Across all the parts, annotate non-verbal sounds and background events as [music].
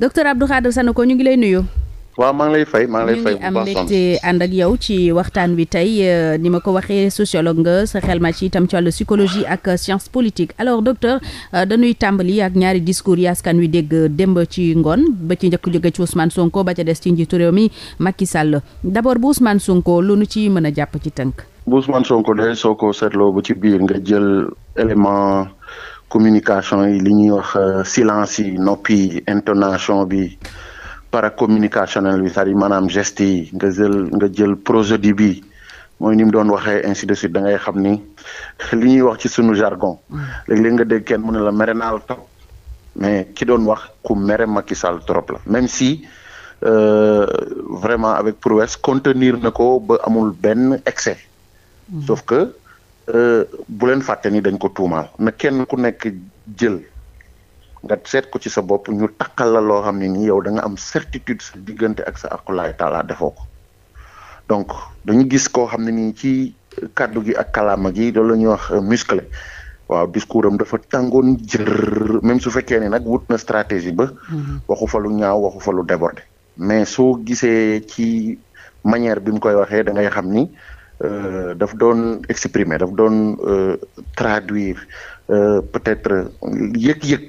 docteur Abdou Khadre Sanoko ñu ngi lay nuyu. waaw maa ngi lay fay maa ngi lay fay bu baax am mbégte ànd ak yow ci waxtaan wi tey euh, ni ma ko waxee sociologue nga sa xel ma ci itam ci wàllu psychologie ak science politique alors docteur euh, dañuy tàmbali ak ñaari discours yi askan wi dégg démb ci ngoon ba ci njëkk jóge ci Ousmane Sonko ba ca des ci njiitu réew mi Macky Sall d'abord bu Ousmane Sonko lu nu ci mën a jàpp ci tënk. bu Ousmane Sonko de soo ko seetloo bu ci biir nga jël élément. communication yi li ñuy wax euh, silence yi noppi yi intonation bi paracommunicationnel bi c'est-à-dire maanaam geste yi nga jël nga jël projet prosodie bi mooy ni mu doon waxee ainsi de suite da ngay xam ni [laughs] li ñuy wax ci suñu jargon léeg-léeg nga dégg kenn mu ne la mere naal trop mais ki doon wax ku mere Macky Sall trop la même si euh, vraiment avec prouesse contenir na ko ba amul benn excès mm. sauf que Euh, bu leen fàtte ni dañ ko tuumaal na kenn ku nekk jël nga seet ko ci sa bopp ñu takkal la loo xam ne nii yow da nga am certitude sa diggante ak sa akulaay taala ko donc dañu gis koo xam ne nii ci kàddu gi ak kalaama gi loolu la wax musclé waaw discours am dafa tàngoon jër même su fekkee ne nag wut na stratégie ba. Mm-hmm. waxu fa ñaaw waxu falu lu débordé mais soo gisee ci manière bi mu koy waxee da ngay xam ni. Euh, daf doon exprimer daf doon euh, traduire euh, peut-être yëg-yëg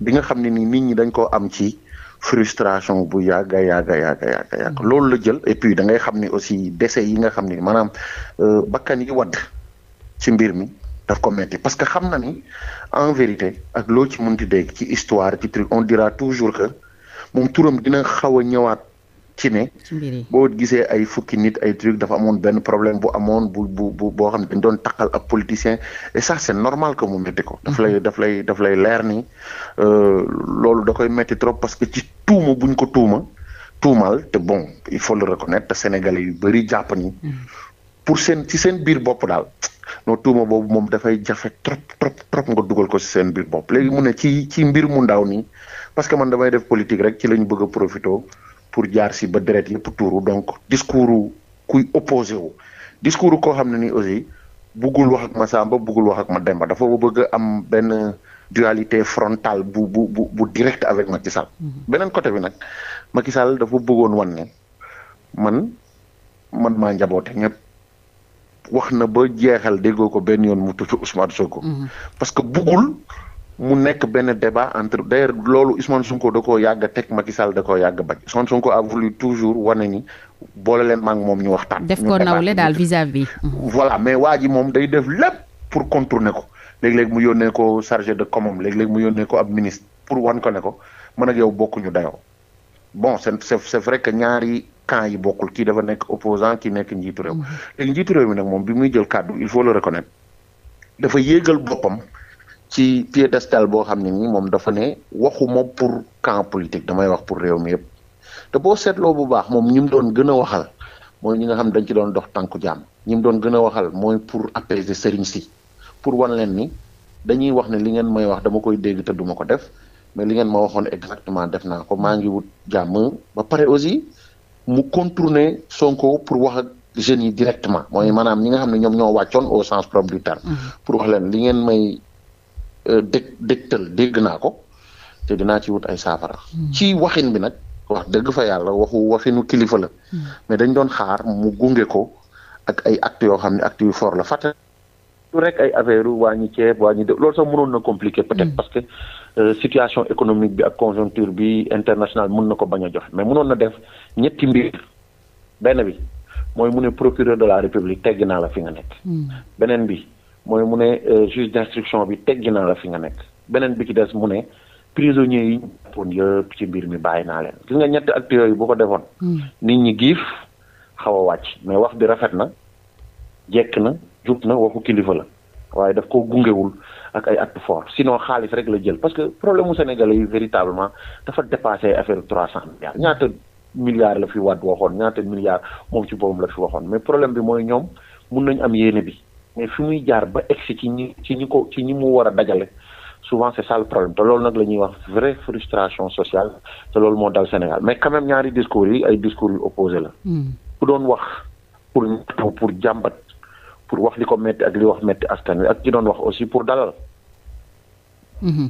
bi nga xam ne ni nit ñi dañ koo am ci frustration bu yàgg a yàgg a yàgg a yàgg mm-hmm. loolu la jël et puis da ngay xam ni aussi décès yi nga xam ni maanaam bakkan yi wadd ci mbir mi daf ko metti parce que xam na ni en vérité ak loo ci mënti dégg ci histoire ci truc on dira toujours que moom turam dina xaw a ñëwaat ci ne boo gisee ay fukki nit ay truc dafa amoon benn problème bu amoon bu bu bu boo xam ne dañ doon taqal ab politicien et ça c'est normal que mu métti ko daf lay mm-hmm. daf lay daf lay leer ni euh, loolu da koy métti trop parce que ci tuuma buñ ko tuuma tuumaal te bon il faut le reconnaître te sénégalais yu bëri jàpp ni mm-hmm. pour seen ci seen biir bopp daal noo tuuma boobu moom dafay jafe trop trop nga dugal ko ci seen biir bopp léegi mun ne ci ci mbir mu ndaw nii parce que man damay def politique rek ci la ñu bëgg a profité pour jaar si ba deret yëpp tuuru donc discours kuy opposé wu discours koo xam ne ni aussi buggul wax ma Samba buggul wax ak ma Demba dafa bëgg am benn dualité frontale bu bu bu bu direct avec Macky Sall. Mhm. beneen côté bi nag Macky Sall dafa bëggoon wan ne man man maa njaboote ñëpp wax na ba jeexal déggoo ko benn yoon mu tudd Ousmane ko mhm. parce que buggul. mu nekk benn débat entre d'ailleurs loolu Ousmane Sonko da koo yàgga a teg Macky Sall da koo yàgg a bañ Ousmane Sonko a voulu toujours wane ni boole leen maa moom ñu waxtaan. def ko nawle daal vis-à-vis. Mhm. voilà mais waa ji moom day def lépp pour contourner ko léeg-léeg mu yónnee ko chargé de commune léeg-léeg mu yónnee ko ab ministre pour wan ko ne ko man ak yow bokkuñu dayoo bon c'est c'est vrai que ñaari camp yi bokkul kii dafa nekk opposant ki nekk njiitu réew. Mhm. léegi njiitu réew mi nag moom bi muy jël kàddu il faut le reconnaître dafa yéegal boppam. ci piédestal boo xam ne nii moom dafa ne waxuma pour camp politique damay wax pour réew mi yëpp te boo seetloo bu baax moom ñi mu doon gën a waxal mooy ñi nga xam dañ ci doon dox tànku jàmm ñi mu doon gën a waxal mooy pour apaiser sëriñ si pour wan leen ni dañuy wax ne li ngeen may wax dama koy dégg te duma ko def mais li ngeen ma waxoon exactement def naa ko maa ngi wut jàmm ba pare aussi mu contourner Sonko pour wax ak jeunes yi directement mooy maanaam ñi nga xam ne ñoom ñoo wàccoon au sens propre du terme. Mm-hmm. pour wax li ngeen may Euh, dég dégtal dégg naa ko te dinaa ci wut ay saafara. Hmm. ci waxin bi nag wax dëgg fa yàlla waxu waxinu kilifa la. Hmm. mais dañ doon xaar mu gunge ko ak ay actes yoo xam ne actes yu fort la fa du rek ay affaire wàññi ceeb wàññi de loolu sax mënoon na compliqué peut-être hmm. parce que euh, situation économique bi ak conjoncture bi internationale mën na ko bañ a joxe mais mënoon na def ñetti mbir benn bi mooy mu ne procureur de la république tegg naa la fi nga nekk. beneen bi. mooy mu ne euh, juge d'instruction bi teggi naa la fi nga nekk beneen bi ki des mu ne prisonniers yi ñu jàppoon yëpp ci mbir mi bàyyi naa leen ki nga ñetti acteurs yi bu ko defoon. Hmm. nit ñi giif xaw a wàcc mais wax bi rafet na jekk na jub na waxu kilifa la waaye daf koo gungewul ak ay actes forts sinon xaalis rek la jël parce que problème mu sénégalais yi véritablement dafa dépassé affaire trois cent milliards ñaata milliards la fi waat waxoon ñaata milliards moom ci boppam la fi waxoon mais problème bi mooy ñoom mun nañ am yéene bi. mais fi muy jaar ba egsi ci ñi ci ñi ko ci ñi mu war a dajale souvent c'est ça problème te loolu nag la ñuy wax vraie frustration sociale te loolu moo dal Sénégal mais quand même ñaari discours yi ay discours yu opposé la hmm. ku doon wax pour taw pour jàmbat pour wax li ko metti ak li wax metti askan ak ki doon wax aussi pour dalal hmm.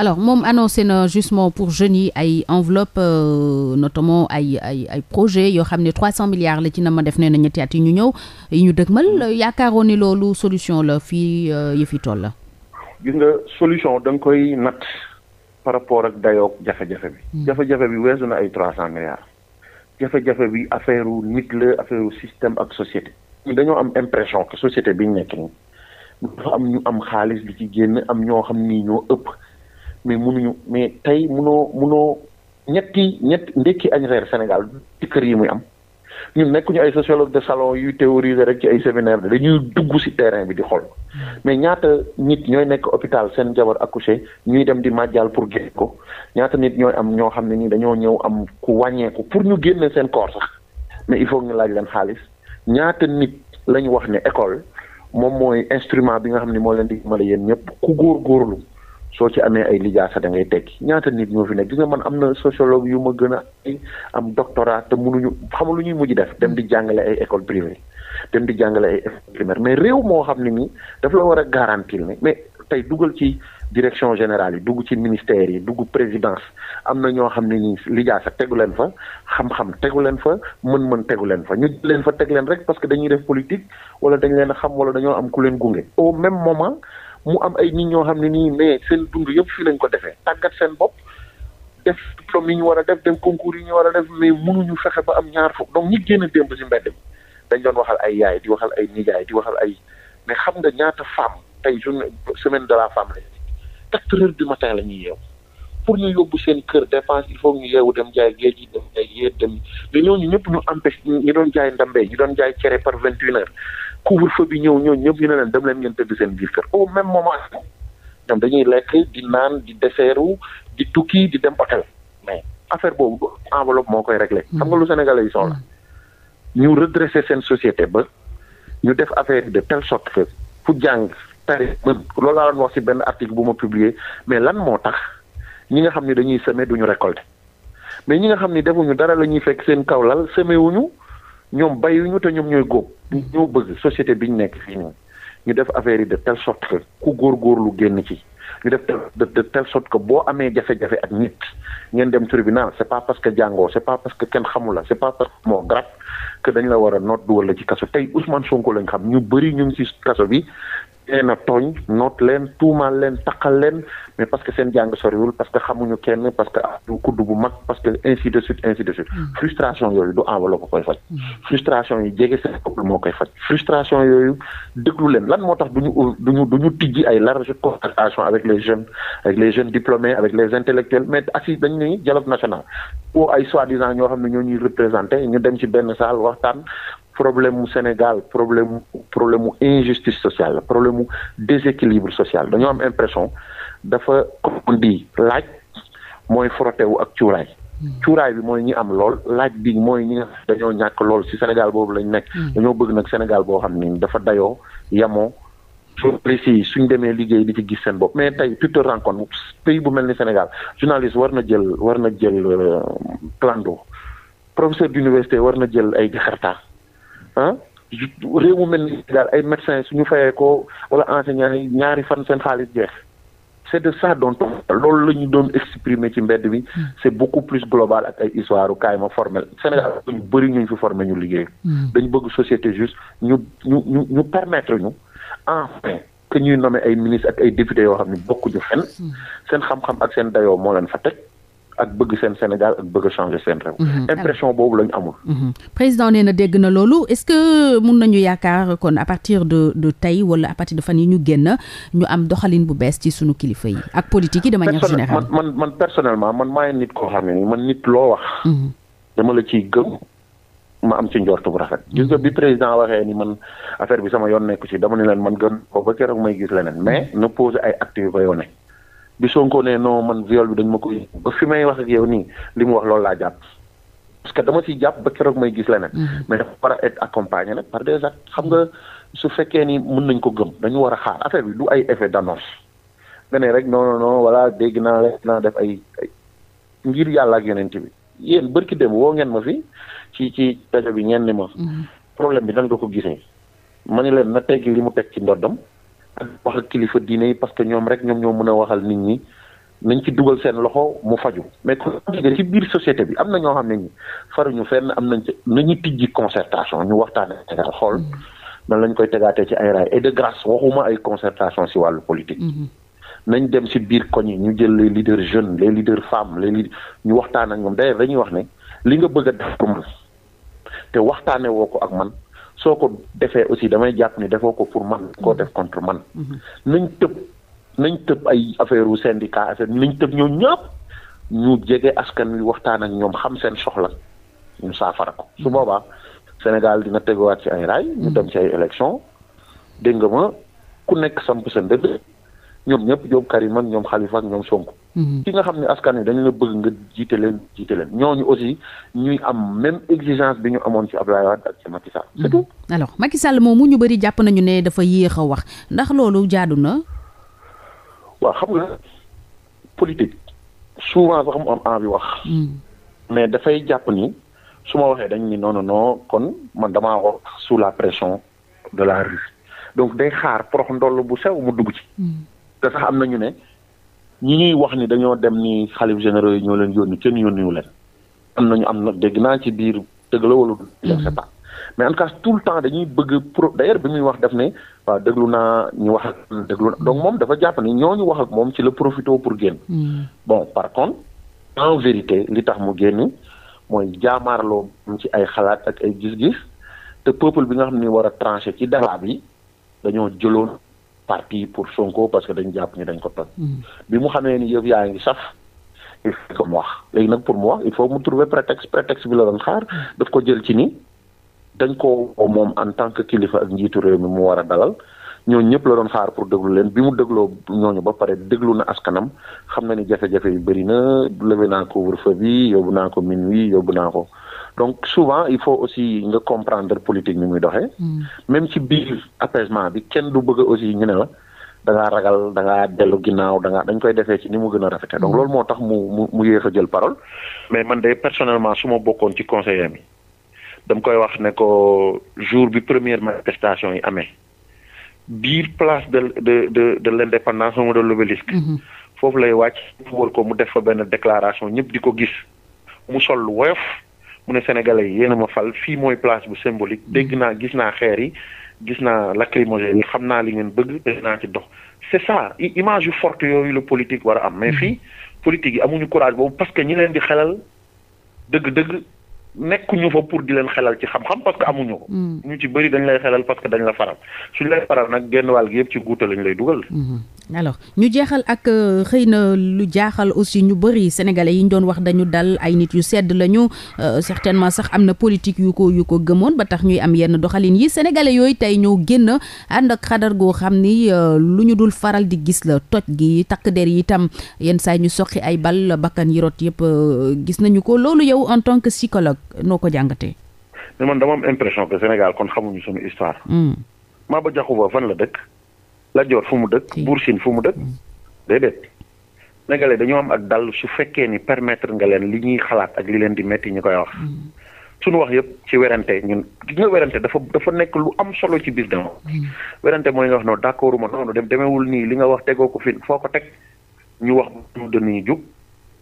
alors moom annoncé na justement pour jeunes yi ay enveloppe euh, notamment ay ay ay projet yoo xam ne trois cent milliards la ci na ma def nee na ñetti at yi ñu ñëw yi ñu dëgmal yaakaaroon ni loolu solution la fii euh, yëfi toll la gis nga solution da koy natt par rapport ak dayoog jafe-jafe bi hmm. jafe-jafe bi weesu na ay trois cent milliards jafe-jafe bi affaire u nit la affaire u système ak société dañoo am impression que société bi ñu nekk nii dafa am ñu am xaalis bi ci génn am ñoo xam ni ñoo ëpp mais munuñu mais tey munoo munoo ñetti ñett ndekki añ reer Sénégal ci kër yi muy am ñun nekkuñu ay sociologue de salon yuy théoriser rek ci ay séminaire bi dañuy dugg ci terrain bi di xool hmm. mais ñaata nit ñooy nekk hôpital seen jabar ak accouché ñuy dem di màjjal pour génn ko ñaata nit ñooy am ñoo xam ne ñi dañoo ñëw am ku wàññeeku pour ñu génne seen corps sax mais il faut ñu laaj leen xaalis ñaata nit lañu wax ne école moom mooy instrument bi nga xam ne moo leen di mën yéen ñëpp góor góorlu soo ci amee ay lijaasa da ngay tekki ñaata nit ñoo fi nekk gis nga man am na sociologue yu ma gën a am doctorat te mënuñu xamul lu ñuy mujj def dem di jàngale ay école privée dem di jàngale ay école primaire mais réew moo xam ne nii daf la war a garantir ne mais tey dugal ci direction générale yi dugg ci ministère yi dugg présidence am na ñoo xam ne ñi lijaasa tegu leen fa xam-xam tegu leen fa mën-mën tegu leen fa ñu leen fa teg leen rek parce que dañuy def politique wala dañ leen xam wala dañoo am ku leen gunge même moment mu am ay nit ñoo xam ne nii mais seen dund yëpp fii lañ ko defee tàggat seen bopp def diplôme yi ñu war a def dem concours yi ñu war a def mais ñu fexe ba am ñaar fukk donc ñi génn démb si mbedd mi dañ doon waxal ay yaay di waxal ay nijaay di waxal ay mais xam nga ñaata femme tey journée semaine de la femme la quatre heures du matin la ñuy yeew pour ñu yóbbu seen kër dépense il faut ñu yeewu dem jaay géej gi dem jaay yéet dem mais ñëpp ñu empêche ñu doon jaay ndambe ñu doon jaay cere par vingt une couvre-feu bi ñëw ñooñu ñëpp ñu ne leen dem leen ngeen tëdd seen biir kër au même moment dañuy lekk di naan di deseeru di tukki di dem hôtel mais affaire boobu enveloppe moo koy réglé. xam nga lu Sénégalais yi soxla ñu redresser seen société ba ñu def affaire de tell sorte que ku jàng tari mën loolu laa doon wax ci benn article bu ma publier mais lan moo tax ñi nga xam ni dañuy semer duñu récolter mais ñi nga xam ni defuñu dara la ñuy fekk seen kaw lal semer wuñu ñoom bay bayuñu te ñoom ñooy góob. ñoo bëgg société bi ñu nekk fii ñoom ñu def affaire yi de telle sorte que ku génn ci. ñu def de de telle sorte que boo amee jafe-jafe ak nit ngeen dem tribunal c'est pas parce que jàngoo c'est pas parce que kenn xamul la c'est pas parce que moo grave que dañ la war a noot wala ci kaso tey Ousmane Sonko lañ xam ñu bëri ñu ngi ci kaso bi leen a tooñ noot leen tuumaal leen taqal leen mais parce que seen jàng soriwul parce que xamuñu kenn parce que ah du kudd bu mag parce que ainsi de suite ainsi de suite mm. frustration yooyu du enveloppe ko koy faj mm. frustration yi jege seen peuple moo koy faj frustration yooyu déglu leen lan moo tax duñu duñu tijji ay large concertation avec les jeunes avec les jeunes diplômés avec les intellectuels mais assis dañ dialogue national ou ay soi-disant problème mu Sénégal problème problème mu injustice sociale la problème mu déséquilibre social dañoo am impression dafa comme on laaj mooy frotté wu ak cuuraay hmm. cuuraay bi mooy ñi am lool laaj bi mooy ñi nga dañoo ñàkk lool ci Sénégal boobu lañ nekk hmm. dañoo bëgg nag Sénégal boo xam ni dafa dayoo yamoo journalistes yi suñ demee liggéey bi ci gis seen bopp mais tey tu te pays bu mel ni Sénégal journaliste war na jël war na jël euh, plan d'eau professeur d'université war na jël ay jakarta ah réew mu mel ni daal ay médecins suñu fayee ko wala enseignants yi ñaari fan seen xaalis jeex c'est de ça dont on loolu la ñu doon exprimer ci mbedd bi hmm. c'est beaucoup plus global ak ay histoire kaay ma formel Sénégal ñu bëri ñu fi formé ñu liggéey hmm. dañu bëgg société juste ñu ñu ñu ñu permettre ñu enfin que ñuy nommer ay ministres ak ay députés yoo xam ne bokkuñu fenn hmm. seen xam-xam ak seen dayoo moo leen fa teg ak bëgg seen Sénégal ak bëgg a changer seen réew. Mhm. impression boobu la ñu amul. Mhm. président nee na dégg na loolu est-ce que mun nañu yaakaar kon à partir de de tey wala à partir de fan yi ñu génn ñu am doxalin bu bees ci suñu kilifa yi ak politique yi de manière générale. man man personnellement man maay koo xam ne nii man nit loo wax. Mhm. dama la ciy gëm. ma am ci njortu bu rafet gis nga bi président waxee ni man affaire bi sama yoon nekku ci dama ne leen man gën ko ba keroog may gis leneen mais na posé ay actes yu bi Sonko ne non man viol bi dañ ma koy ba fi may wax ak yow nii li mu wax loolu laa jàpp parce que dama ci jàpp ba keroog may gis leneen. Mm-hmm. mais dafa war a être accompagné nag par des actes xam nga su fekkee ni mën nañ ko gëm dañu war a xaar affaire bi du ay effet d'annonce nga rek non non non dégg naa naa def ay ay ngir yàlla ak yonent bi yéen bërki dem woo ngeen ma fi ci ci rajo bi ngeen ni ma. Mm-hmm. problème bi nan nga ko gisee. ma ni leen na teggi li mu teg ci ndoddam wax ak kilifa diine yi parce que ñoom rek ñoom ñoo mën a waxal nit ñi nañ ci dugal seen loxo mu faju mais kon ci biir société bi am na ñoo xam ne ñi ñu fenn am nañ ci nañu tijji concertation ñu waxtaane tegal xool mm-hmm. nan lañ koy tegaatee ci ay raay et de grâce waxuma ay concertation si wàllu politique mm-hmm. nañ dem si biir koñ yi ñu jël les leaders jeunes les leaders femmes ñu waxtaan ak ñoom d'ailleurs dañuy wax ne li nga bëgg a def pour man te waxtaane woo ko ak man soo ko defee aussi damay jàpp ni defoo ko pour man koo def contre man mhm. nañ tëb nañ tëb ay affaire u syndicat affaire nañ tëb ñoo ñëpp ñu jege askan wi waxtaan ak ñoom xam seen soxla ñu saafara ko su boobaa Sénégal dina teguwaat ci ay raay ñu dem ci ay élection dégg nga ma ku nekk samp sa ndëgg ñoom ñëpp ñoom Karim ak ñoom Khalifa ak ñoom Sonko. Mm-hmm. ki nga xam ne askan wi dañu la bëgg nga jiite leen jiite leen ñooñu aussi ñuy am même exigence bi ñu amoon ci Abdoulaye Wade ak ci Macky Sall. c'est tout. Mm-hmm. ñu bëri jàpp nañu ne dafa yéex a wax ndax loolu jaadu na. waaw xam nga politique souvent sax mu am envie wax. Mm-hmm. mais dafay jàpp ni su ma waxee dañ ni non non kon man dama wax sous la pression de la rue donc day xaar porox ndoll bu sew mu dugg ci. te sax am na ñu ne ñi ñuy wax ni dañoo dem ni xalif généraux yi ñoo leen yoon yónni kenn yónniwu leen am nañu am na dégg naa ci biir dëgg la wala je ne sais mais en tout tout le temps dañuy bëgg pro d'ailleurs bi wax def ne waaw déglu naa ñu wax déglu na moom dafa jàpp ni ñooñu wax ak moom ci la profité pour génn. Hmm. bon par contre en vérité li tax mu génn mooy jaamaarloo ci ay xalaat ak ay gis-gis te peuple bi nga xam ni war a tranché ci débat yi dañoo jëloon. parti pour Sonko parce que dañ jàpp ni dañ ko toj. Hmm. bi mu xamee ni yëf yaa ngi saf. mu wax léegi nag pour mu wax il faut mu trouver prétexte prétexte bi la doon xaar hmm. daf ko jël ci ni dañ ko moom en tant que kilifa ak njiitu réew mi mu war a dalal ñooñu ñëpp la doon xaar pour déglu leen bi mu dégloo ñooñu ba pare déglu na askanam xam na ni jafe-jafe yu bëri na levé naa couvre-feu bi yóbbu naa ko minuit yóbbu naa ko. donc souvent il faut aussi nga comprendre politique ni muy doxee. Hmm. même ci biir apaisement bi kenn du bëgg aussi ñu ne la da ragal da ngaa dellu ginnaaw da ngaa dañ koy defee ci ni mu gën a rafetee donc hmm. loolu moo tax mu mu mu yéex a jël parole. mais man de personnellement suma bokkoon ci conseiller mi dam koy wax ne ko jour bi première manifestation yi amee biir place de de de de l' indépendance moom de l'obélisque hmm. foofu lay wàcc. wër ko mu def fa benn déclaration ñëpp di ko gis mu sol woyof. mu ne sénégalais yi yéen a ma fal fii mooy place bu symbolique mm. dégg naa gis naa xeer yi gis naa lacrymogène yi xam naa li ngeen bëgg naa ci dox c'est ça image yu forte yooyu la politique war a am mais mm. fii politique yi amuñu courage boobu parce que ñi leen di xelal dëgg-dëgg nekkuñu fa pour di leen xelal ci xam-xam parce que amuñu ko. Mm. ñu ci bëri dañ lay xelal parce que dañ la faral suñ lay faral nag genn wàll gi yëpp ci guuta lañ lay dugal. Mm-hmm. alors ñu jeexal ak euh, xëy na lu jaaxal aussi ñu bëri sénégalais yi ñu doon wax dañu dal ay nit yu sedd lañu euh, certainement sax am na politique yu ko yu ko gëmoon ba tax ñuy am yenn doxalin yi sénégalais yooyu tey ñoo génn ànd ak xadar goo xam ni euh, lu ñu dul faral di gis la toj gi takk der yi itam yenn saa ñu soqi ay bal bakkan yi rot yëpp gis nañu ko loolu yow en tant que psychologue noo ko jàngatee. mais man dama am impression hmm. fan la dëkk. Lat Joor fu mu dëkk Buur Siin fu mu dëkk mm. déedéet sénégalais dañoo am ak dal su fekkee ni permettre nga leen li ñuy xalaat ak li leen di metti ñu koy wax mm. suñu wax yëpp ci werante ñun nga werante dafa dafa nekk lu am solo ci biir dama mm. werante mooy nga wax noonu d'accord ma noonu dem demeewul nii li nga wax tegoo ko fi foo ko teg ñu wax ñu dañuy jug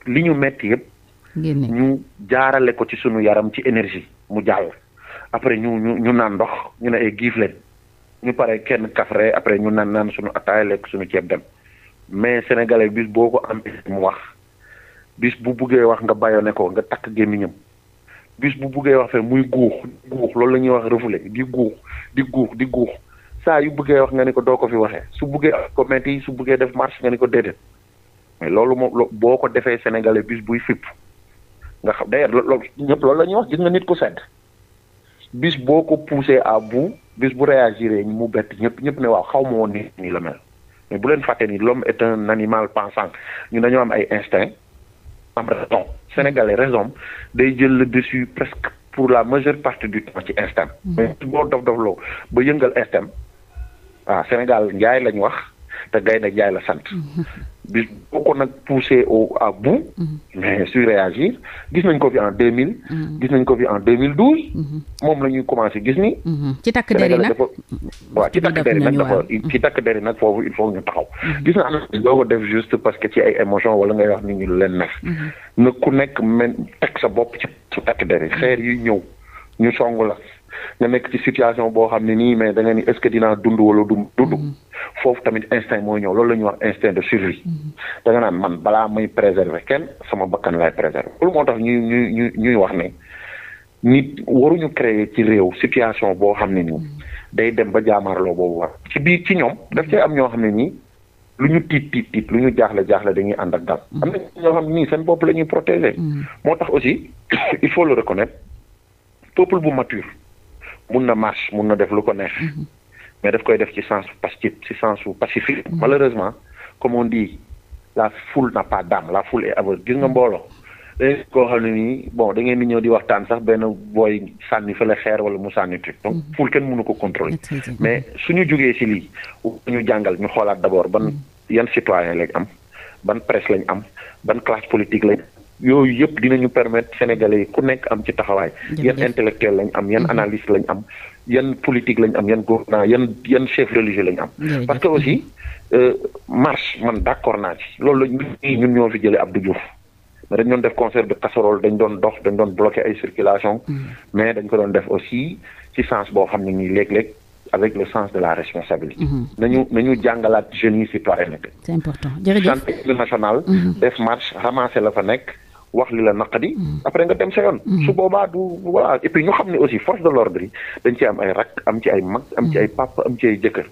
li ñu metti yëpp ñu jaarale ko ci suñu yaram ci énergie mu jàll après ñu ñu ñu naan ndox ñu ne ay giif ñu pare kenn kafre après ñu naan naan suñu ataaya lekk suñu ceeb dem mais sénégalais bis boo ko am mu wax bis bu buggee wax nga ne ko nga takk gémmiñam bis bu buggee wax fe muy guux loolu la ñuy wax refoulé di guux di guux di guux saa yu buggee wax nga ne ko doo ko fi waxee su buggee comité yi su buggee def marche nga ne ko déedéet mais loolu moom boo ko defee sénégalais bis buy fipp nga xam d'ailleurs loolu ñëpp loolu la ñuy wax gis nga nit ku sedd bis boo ko poussé à bout bis bu réagir mu bett ñëpp ñëpp ne waaw xaw ma woon ni nii la mel mais bu leen fàtte ni l'homme est un animal pensant ñu dañoo am ay instinct am raison sénégalais raison day jël le dessus presque pour la majeure partie du temps ci instinct mm-hmm. mais boo dof dof loo ba yëngal instinct waaw ah, Sénégal njaay lañu wax te gaynde njaay la sant mm-hmm. bis boo ko nag poussé au à bout. Mhm. mais su réagir gis nañ ko fi en deux mille. Mhm. gis nañ ko fi en deux mille douze. Mhm. moom la ñuy commencé gis ni. ci takk der yi nag waaw ci takk der yi nag dafa ci takk nag foofu il faut ñu taxaw. gis na am na doo ko def juste parce que ci ay émotion wala ngay wax ni ñu leen neex. na ku nekk men teg sa bopp ci takk der yi xeer yi ñëw ñu song la. nga nekk ci situation boo xam ne nii mais da nga ni est-ce que dinaa dund wala du dund mm-hmm. foofu tamit instinct mooy ñëw loolu la ñuy wax instinct de survie mm-hmm. da nga naan man balaa may préserver kenn sama bakkan lay préserver loolu moo tax ñuy ñuy ñuy ñuy wax ne nit waruñu créer ci réew situation boo xam ne nii mm-hmm. day dem ba jaamaarloo boobu war ci biir ci ñoom daf cay am ñoo xam ne nii lu ñu tiit tiit lu ñu jaaxle jaaxle dañuy ànd ak dal am na ñoo xam ne nii seen bopp la ñuy protéger moo tax aussi [coughs] il faut le reconnaître peuple bu mature mun na marche mun na def lu ko neex mhm. mais daf koy def ci sens pacifique ci sens pacifique malheureusement comme on dit la ful n'a pas d'âme la foule est aveugle gis nga mhm. mbooloo léegi koo xam ne nii bon da ngeen di ñëw di waxtaan sax benn booy sànni fa la xeer wala mu sànni tuuti donc mhm. foule kenn mënu ko contrôler mais suñu jógee si lii ñu jàngal ñu xoolaat d'abord ban yan citoyen lañ am ban presse lañ am ban classe politique lañ yooyu yëpp dinañu permettre sénégalais yi ku nekk am ci taxawaay yan intellectuel lañ am yan mhm. analyste lañ am yan politique lañ am yan gouvernant yan yan chef religieux lañ am parce que aussi euh, marche man d'accord naa ci loolu lañ ñun ñoo fi jëlee Abdou Diouf mais dañ doon def concert de casserole dañ doon dox dañ doon bloqué ay circulation mhm. mais dañ ko doon def aussi ci sens boo xam ne nii léeg-léeg avec le sens de la responsabilité. Mhm. nañu ñu jàngalaat ñu yi citoyenneté. c'est important jërëjëf santé nationale. def marche ramasser la fa nekk. wax li la naqadi. Mm. après nga dem sa yoon. Mm. su boobaa du voilà et puis ñu xam ne aussi force de l'ordre yi dañ ci am ay rak am ci ay mag am ci mm. ay papa am ci ay jëkkër.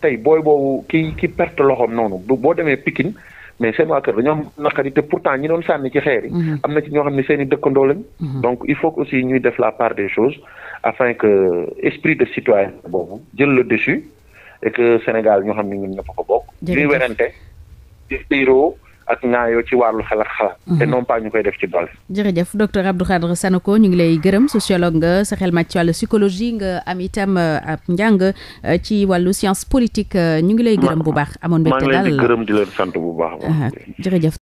tey booy boobu ki ki perte loxoom noonu boo demee pikin mais seen waa kër dañoo am naqari te pourtant ñi doon sànni ci xeer am na ci ñoo xam ne seen i dëkkandoo lañ. donc il faut aussi ñuy def la part des choses afin que esprit de citoyen boobu jël le dessus et que Sénégal ñoo xam ne ñun ñëpp ko bokk. ñuy ak ñaayoo ci wàllu xel ak mhm. te non pas ñu koy def ci doole. jërëjëf docteur Abdou Khadre Sanoko ñu ngi lay gërëm sociologue nga sa xel màcc ci wàllu psychologie nga am itam euh, ab njàng euh, ci wàllu science politique euh, ñu ngi lay gërëm bu baax. amoon mbégte daal maa ngi leen di gërëm di leen sant bu baax. jërëjëf.